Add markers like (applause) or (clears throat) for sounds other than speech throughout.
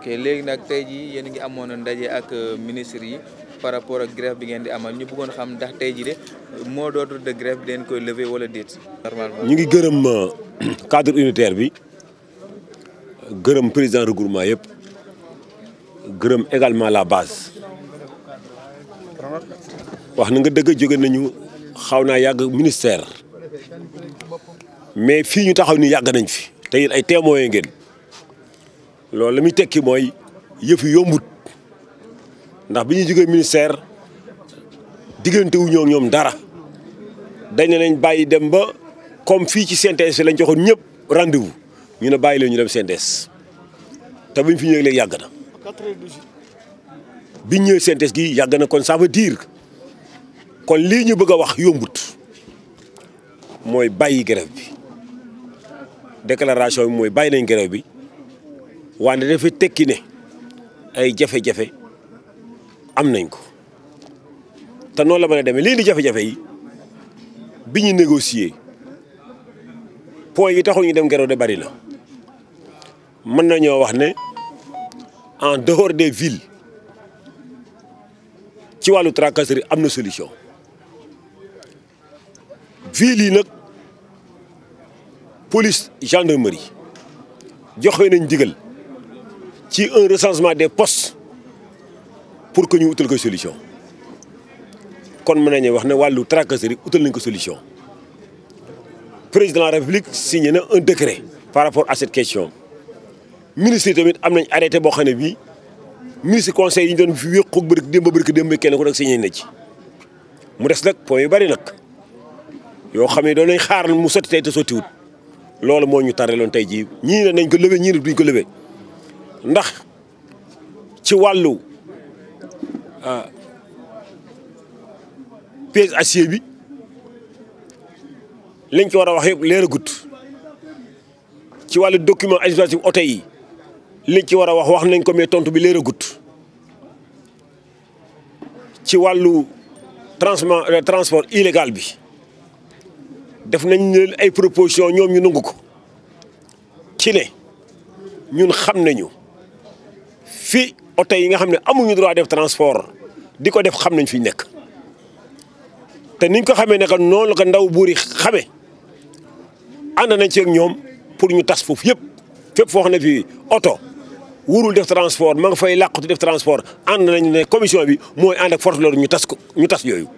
ok léegi nag tey jii yéen ngi amoon ndaje ak euh, ministre yi par rapport ak grève bi ngeen di amal ñu bëggoon xam ndax tey jii de mot d'ordre de grève bi leen koy lever wala déet. normalement ñu ngi gërëm euh, (clears throat) cadre unitaire bi gërëm président regroupement yëpp gërëm également la base. wax na nga dëgg jóge nañu xaw naa yàgg ministère mais fii ñu taxaw ni yàgg nañ fi te it ay témoins ngeen. loolu la muy tekki mooy yëfi yombut ndax bi ñu jógee ministère diggante wu ñoo ñoom dara dañ ne nañ bàyyi dem ba comme fii ci CNTS lañ joxoon ñëpp rendez-vous ñu ne bàyyi leen ñu dem CNTS te buñ fi ñëwee la yàgg na. biñ ñëwee CNTS gi yàgg na kon ça veut kon lii ñu bëgg a wax yombut mooy bàyyi grève bi déclaration mooy bàyyi nañ grève bi. waane dafa tekki ne ay jafe-jafe am nañ ko te noonu la mën a demee lii di jafe-jafe yi bi négocier point yi taxul ñu dem gero de bari na mën nañoo wax ne en dehors des villes ci wàllu tracasserie am na solution ville yi nag police gendarmerie joxe nañ ndigal ci un recensement des postes pour que ñu utal ko solution kon mën nañu wax ne wàllu tracasserie utal nañ ko solution président de la république signé na un décret par rapport à cette question le ministre tamit am nañ arrêté boo xam ne bii ministre conseil yi ñu doon fi wéqoog bëri démb bëri démb kenn ku nekk signé na ci mu des nag point yu bëri nag yoo xam ne doon nañ xaar mu sotti tey te sottiwut loolu moo ñu tardé loon tey jii ñii ne nañ ko lëbe ñii ne duñ ko lëbe ndax ci wàllu euh, pièce acier bi liñ ci war a wax yëpp leeragut ci wàllu document administratif oto yi liñ ci war a wax wax nañ ko mais tontu bi leeragut ci wàllu euh, transport illégal bi def nañ leen ay proposition ñoom ñu nangu ko ci ne ñun xam nañu fii oto yi nga xam ne amuñu droit def transport di ko def xam nañ fi nekk te niñ ko xamee ne que noon la ko ndaw buur yi xamee ànd nañ ci ñoom pour ñu tas foofu yëpp fépp foo xam ne fi oto wurul def transport ma nga fay làqatu def transport ànd nañ ne commission bi mooy ànd ak force de ñu tas ko ñu tas yooyu.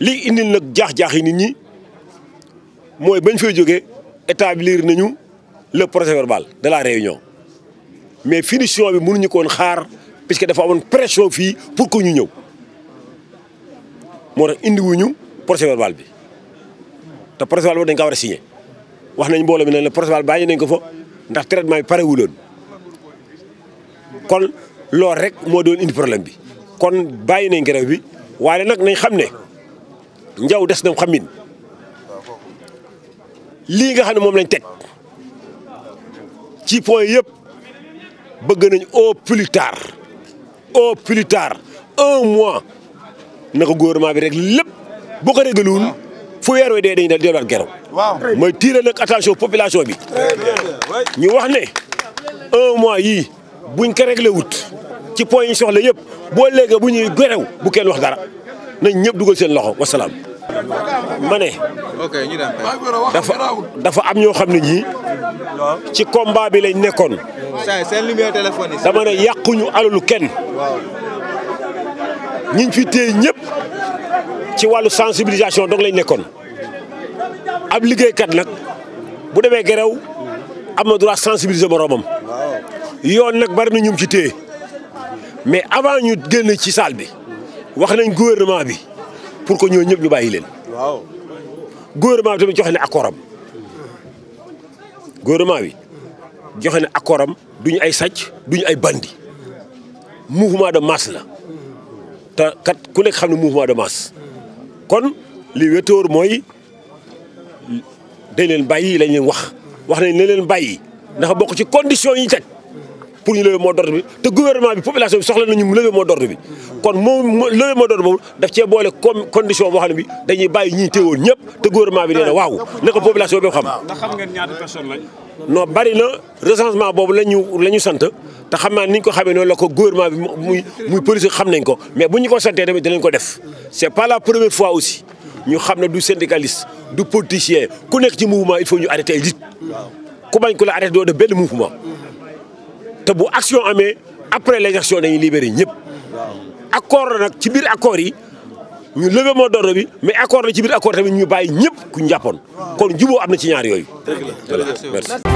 lii indi nag jaax-jaax yi nit ñi mooy bañ fay jógee établir nañu le procès verbal de la réunion. mais finition bi mënuñu ko woon xaar que dafa amoon pression fii pour que ñu ñëw moo tax indiwuñu procès verbal bi te procès verbal dañ ko war a signé wax nañ mbooloo mi ne la procès verbal bàyyi nañ ko fa ndax traitement bi pare wuloon kon loolu rek moo doon indi problème bi kon bàyyi nañ grève bi waaye nag nañ xam ne njaw des na xamin lii nga xam ne moom lañ teg ci point yëpp. bëgg nañ o plus tard au plus tard un mois na ko gouvernement bi rek lépp boo ko régaluwul fu weer wee dee dañuy dal delluwaat gero mooy tiire nag attention population bi ñu wax ne un mois yii buñ ko réglé wut ci point yi soxla yëpp boo léegi bu ñuy gerew bu kenn wax dara nañ ñëpp dugal seen loxo wasalaam ma ne. ok dafa dafa am ñoo xam ne ñii. ci combat bi lañ nekkoon. saa seen numéro téléphone yi. dama ne yàquñu alalu kenn. ñi ñu fi téye ñëpp ci wàllu sensibilisation dong lañ nekkoon ab liggéeykat nag bu demee gerew am na droit sensibiliser moroomam yoon nag bari na ñu ci téye mais avant ñu génn ci saal bi wax nañ gouvernement bi. pour que ñoo ñëpp ñu bàyyileen leen. waaw gouvernement bi tamit joxe na accord am bi joxe na accord am duñu ay sàcc duñu ay bandi mouvement de masse la te kat ku nekk xam ne mouvement de masse kon li wétoor mooy dañ leen bàyyi lañ leen wax wax nañ ne leen bàyyi ndax bokk ci condition yi ñu pour ñu lever mot d'ordre bi te gouvernement bi population bi soxla nañu mu lever mot d'ordre bi kon moom lever mot boobu daf cee boole comme condition boo xam ne bi dañuy bàyyi ñi téewoon ñëpp te gouvernement bi nee na waaw naka population ndax xam ngeen ñaata personne lañ non bari na recensement boobu la ñu la ñu sant te xam naa ni ñu ko xamee noonu la ko gouvernement bi muy muy police xam nañ ko mais bu ñu ko santee tamit dinañ ko def c'est pas la première fois aussi ñu xam ne du syndicaliste du politicien ku nekk ci mouvement il faut ñu arrêter ay nit ku bañ ko la arrêté doo def benn mouvement te bu action amee après les actions dañuy libéré ñëpp accord nag ci biir accord yi ñu levé moo d'ordre bi mais accord na ci biir accord tamit ñu bàyyi ñëpp ku ñu jàppoon kon juboo am na ci ñaar yooyu. voilà